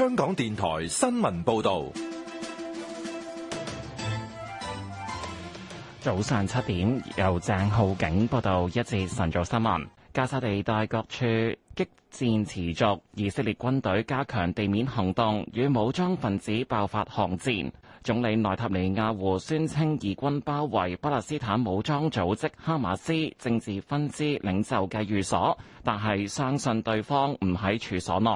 香港電台新聞報道，早上七點由鄭浩景報道一節晨早新聞。加沙地帶各處激戰持續，以色列軍隊加強地面行動，與武裝分子爆發巷戰。總理內塔尼亞胡宣稱以軍包圍巴勒斯坦武裝組織哈馬斯政治分支領袖嘅寓所，但係相信對方唔喺處所內。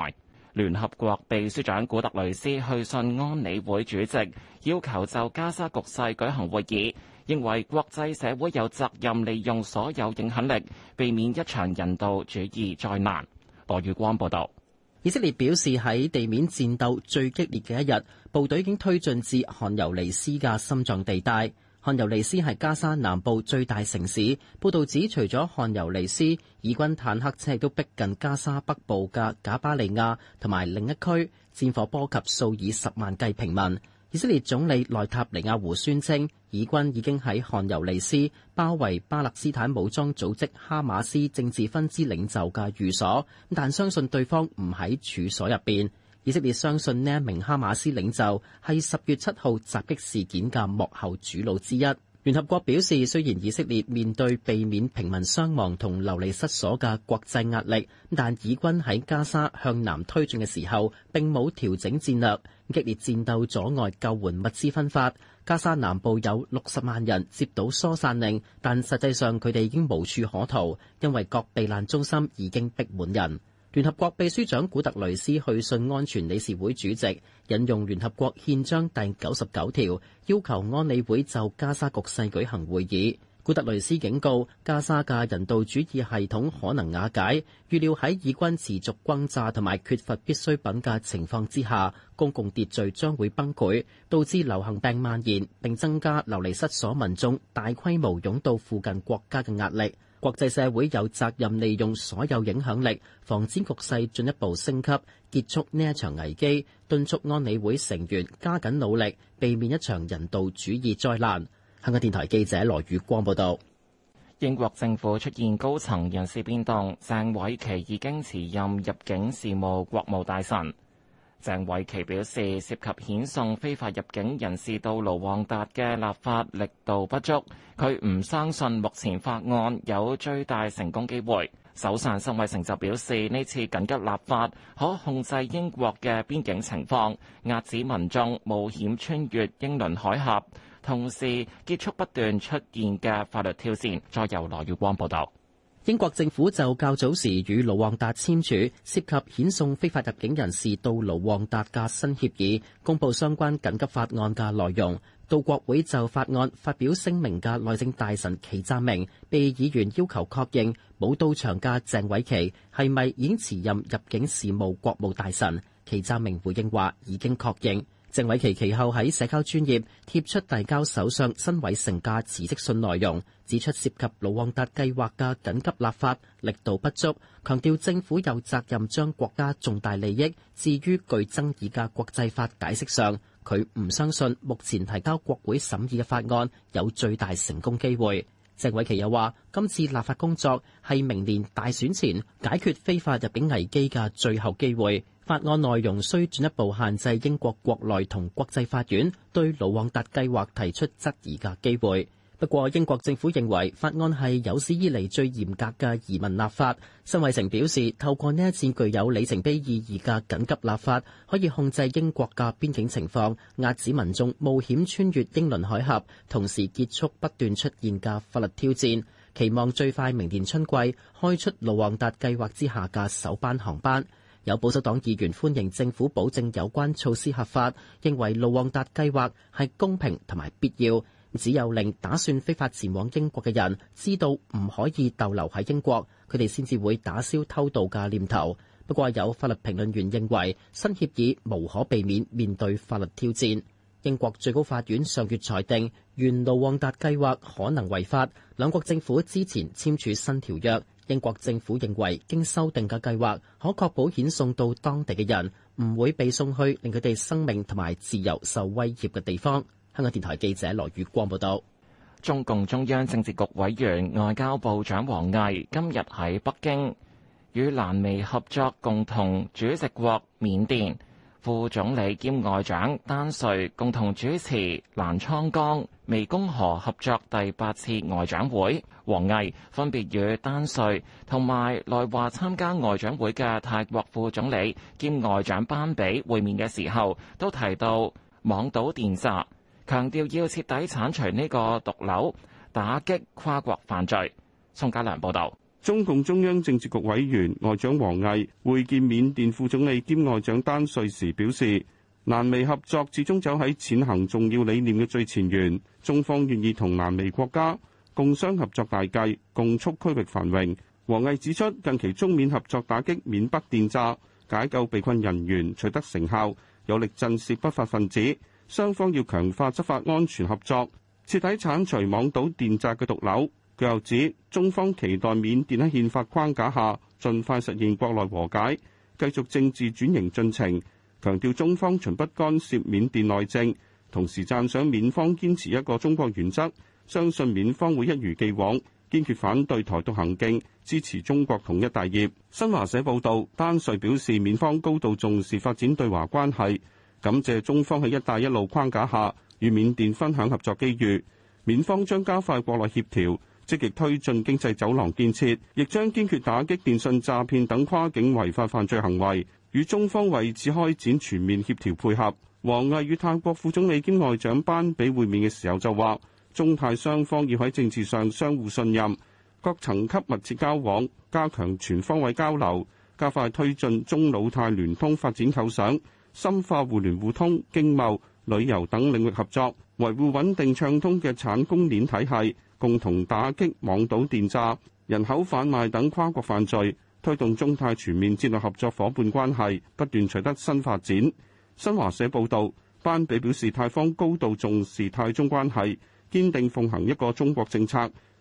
聯合國秘書長古特雷斯去信安理會主席，要求就加沙局勢舉行會議，認為國際社會有責任利用所有影響力，避免一場人道主義災難。羅宇光報導。以色列表示喺地面戰鬥最激烈嘅一日，部隊已經推進至汗尤尼斯嘅心臟地帶。漢尤尼斯係加沙南部最大城市。報道指，除咗漢尤尼斯，以軍坦克車都逼近加沙北部嘅賈巴利亞同埋另一區，戰火波及數以十萬計平民。以色列總理內塔尼亞胡宣稱，以軍已經喺漢尤尼斯包圍巴勒斯坦武裝組織哈馬斯政治分支領袖嘅寓所，但相信對方唔喺處所入邊。以色列相信呢一名哈馬斯領袖係十月七號襲擊事件嘅幕後主腦之一。聯合國表示，雖然以色列面對避免平民傷亡同流離失所嘅國際壓力，但以軍喺加沙向南推進嘅時候，並冇調整戰略。激烈戰鬥阻礙救援物資分發。加沙南部有六十萬人接到疏散令，但實際上佢哋已經無處可逃，因為各避難中心已經逼滿人。聯合國秘書長古特雷斯去信安全理事會主席，引用聯合國憲章第九十九條，要求安理會就加沙局勢舉行會議。古特雷斯警告，加沙嘅人道主義系統可能瓦解，預料喺以軍持續轟炸同埋缺乏必需品嘅情況之下，公共秩序將會崩潰，導致流行病蔓延，並增加流離失所民眾大規模湧到附近國家嘅壓力。國際社會有責任利用所有影響力，防止局勢進一步升級，結束呢一場危機，敦促安理會成員加緊努力，避免一場人道主義災難。香港電台記者羅宇光報道。英國政府出現高層人事變動，鄭偉奇已經辭任入境事務國務大臣。鄭偉琪表示，涉及遣送非法入境人士到盧旺達嘅立法力度不足，佢唔相信目前法案有最大成功機會。首相宋偉成就表示，呢次緊急立法可控制英國嘅邊境情況，遏止民眾冒險穿越英倫海峽，同時結束不斷出現嘅法律挑戰。再由羅月光報道。英國政府就較早時與盧旺達簽署涉及遣送非法入境人士到盧旺達嘅新協議，公布相關緊急法案嘅內容。到國會就法案發表聲明嘅內政大臣祁澤明，被議員要求確認冇到場嘅鄭偉琪係咪已經辭任入境事務國務大臣。祁澤明回應話：已經確認。鄭偉琪其後喺社交專業貼出遞交首相辛偉誠嘅辭職信內容，指出涉及盧旺達計劃的緊急立法力度不足，強調政府有責任將國家重大利益置於具爭議的國際法解釋上，佢唔相信目前提交國會審議的法案有最大成功機會。鄭偉琪又話今次立法工作係明年大選前解決非法入境危機的最後機會。法案內容需進一步限制英國國內同國際法院對盧旺達計劃提出質疑嘅機會。不過，英國政府認為法案係有史以嚟最嚴格嘅移民立法。辛偉誠表示，透過呢一次具有里程碑意義嘅緊急立法，可以控制英國嘅邊境情況，壓止民眾冒險穿越英倫海峽，同時結束不斷出現嘅法律挑戰。期望最快明年春季開出盧旺達計劃之下嘅首班航班。有保守黨議員歡迎政府保證有關措施合法，認為盧旺達計劃係公平同埋必要，只有令打算非法前往英國嘅人知道唔可以逗留喺英國，佢哋先至會打消偷渡嘅念頭。不過有法律評論員認為新協議無可避免面對法律挑戰。英國最高法院上月裁定原盧旺達計劃可能違法，兩國政府之前簽署新條約。英國政府認為，經修訂嘅計劃可確保遣送到當地嘅人唔會被送去令佢哋生命同埋自由受威脅嘅地方。香港電台記者羅宇光報道，中共中央政治局委員、外交部長王毅今日喺北京與瀾湄合作共同主席國緬甸泰國副總理兼外長丹瑞共同主持瀾滄江湄公河合作第八次外長會王毅分別與丹瑞同埋來華參加外長會嘅泰國副總理兼外長班比會面嘅時候都提到網賭電詐強調要徹底鏟除呢個毒瘤打擊跨國犯罪宋家良報道中共中央政治局委員外長王毅會見緬甸副總理兼外長丹瑞時表示，瀾湄合作始終走喺踐行重要理念嘅最前沿，中方願意同瀾湄國家共商合作大計，共促區域繁榮，王毅指出，近期中緬合作打擊緬北電詐解救被困人員取得成效，有力震懾不法分子。雙方要強化執法安全合作，徹底鏟除網賭電詐嘅毒瘤。佢又指，中方期待緬甸喺憲法框架下盡快實現國內和解，繼續政治轉型進程。強調中方從不干涉緬甸內政，同時讚賞緬方堅持一個中國原則，相信緬方會一如既往堅決反對台獨行徑，支持中國統一大業。新華社報道，丹瑞表示，緬方高度重視發展對華關係，感謝中方喺「一帶一路」框架下與緬甸分享合作機遇。緬方將加快國內協調。積極推進經濟走廊建設，亦將堅決打擊電信詐騙等跨境違法犯罪行為，與中方為此開展全面協調配合。王毅與泰國副總理兼外長班比會面嘅時候就話，中泰雙方要喺政治上相互信任，各層級密切交往，加強全方位交流，加快推進中老泰聯通發展構想，深化互聯互通、經貿、旅遊等領域合作，維護穩定暢通嘅產供鏈體系。共同打擊網賭電詐、人口販賣等跨國犯罪，推動中泰全面戰略合作伙伴關係不斷取得新發展。新華社報道，班比表示泰方高度重視泰中關係，堅定奉行一個中國政策，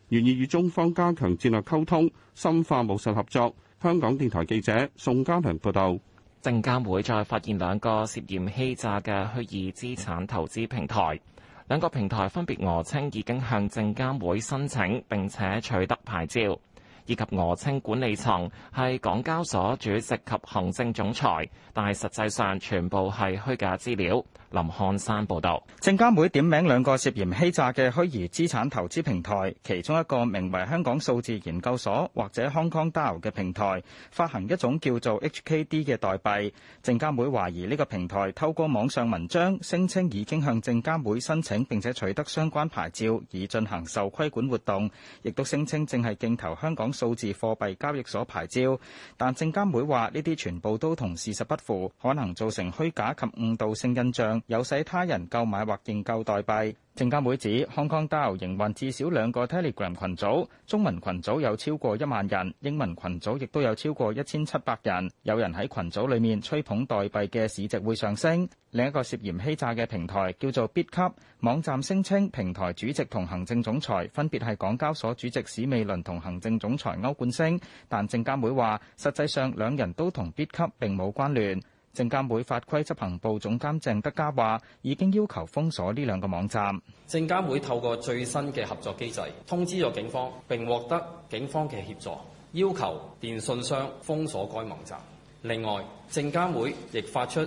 願意與中方加強戰略溝通、深化務實合作。香港電台記者宋嘉良報道，證監會再發現兩個涉嫌欺詐嘅虛擬資產投資平台。兩個平台分別訛稱已經向證監會申請並且取得牌照，以及俄青管理層係港交所主席及行政總裁，但係實際上全部係虛假資料。林漢山報道，證監會點名兩個涉嫌欺詐嘅虛擬資產投資平台，其中一個名為香港數字研究所或者 Hong Kong DAO 嘅平台，發行一種叫做 HKD 嘅代幣。證監會懷疑呢個平台透過網上文章聲稱已經向證監會申請並且取得相關牌照，以進行受規管活動，亦都聲稱正係競投香港。數字貨幣交易所牌照，但證監會話呢啲全部都同事實不符，可能造成虛假及誤導性印象，誘使他人購買或認購代幣。證監會指，Hong Kong DAO 營運至少兩個 Telegram 群組，中文群組有超過一萬人，英文群組亦都有超過一千七百人。有人喺群組裏面吹捧代幣嘅市值會上升。另一個涉嫌欺詐嘅平台叫做 Bitcup，網站聲稱平台主席同行政總裁分別係港交所主席史美倫同行政總裁歐冠升，但證監會話，實際上兩人都同 Bitcup 並冇關聯。證監會法規執行部總監鄭德嘉話：已經要求封鎖呢兩個網站。證監會透過最新嘅合作機制，通知咗警方，並獲得警方嘅協助，要求電信商封鎖該網站。另外，證監會亦發出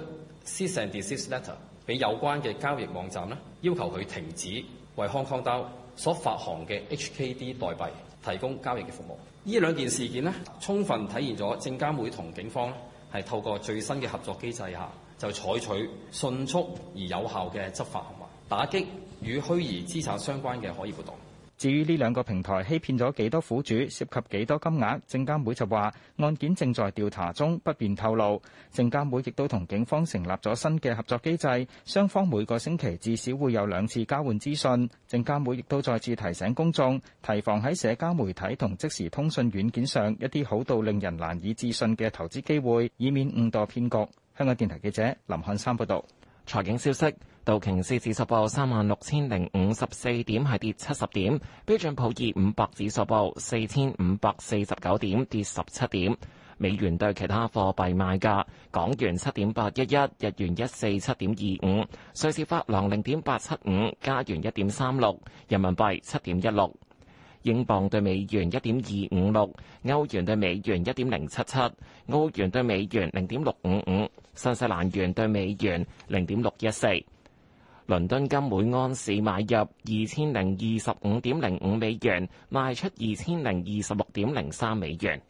Cease and Desist Letter 俾有關嘅交易網站，要求佢停止為康康刀所發行嘅 HKD 代幣提供交易嘅服務。呢兩件事件呢，充分體現咗證監會同警方係透過最新嘅合作機制下，就採取迅速而有效嘅執法行為，打擊與虛擬資產相關嘅可疑活動。至於呢兩個平台欺騙咗幾多苦主，涉及幾多金額，證監會就話案件正在調查中，不便透露。證監會亦都同警方成立咗新嘅合作機制，雙方每個星期至少會有兩次交換資訊。證監會亦都再次提醒公眾提防喺社交媒體同即時通訊軟件上一啲好到令人難以置信嘅投資機會，以免誤墮騙局。香港電台記者林漢山報道。財經消息。道瓊斯指數報三萬六千零五十四點，係跌七十點。標準普爾五百指數報四千五百四十九點，跌十七點。美元對其他貨幣賣價：港元七點八一一，日元一四七點二五，瑞士法郎零點八七五，加元一點三六，人民幣七點一六，英鎊對美元一點二五六，歐元對美元一點零七七，歐元對美元零點六五五，新西蘭元對美元零點六一四。倫敦金每安士買入二千零二十五點零五美元，賣出二千零二十六點零三美元。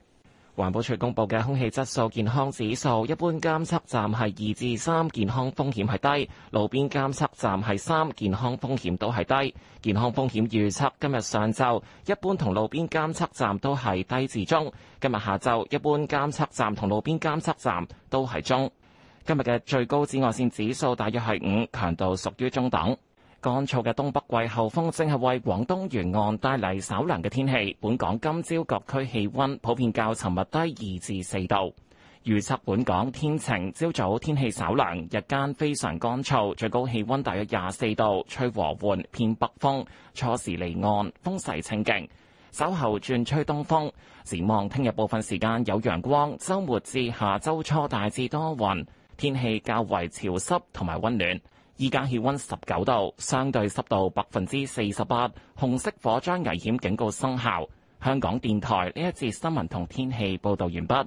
環保署公布嘅空氣質素健康指數，一般監測站係二至三，健康風險係低；路邊監測站係三，健康風險都係低。健康風險預測今日上晝，一般同路邊監測站都係低至中；今日下晝，一般監測站同路邊監測站都係中。今日嘅最高紫外線指數大約係五，強度屬於中等。乾燥嘅東北季候風正係為廣東沿岸帶嚟稍涼嘅天氣。本港今朝各區氣温普遍較尋日低二至四度。預測本港天晴，朝早天氣稍涼，日間非常乾燥，最高氣温大約廿四度，吹和緩偏北風，初時離岸風勢清勁，稍後轉吹東風。展望聽日部分時間有陽光，周末至下周初大致多雲。天氣較為潮濕同埋溫暖，依家氣溫十九度，相對濕度百分之四十八，紅色火災危險警告生效。香港電台呢一節新聞同天氣報導完畢。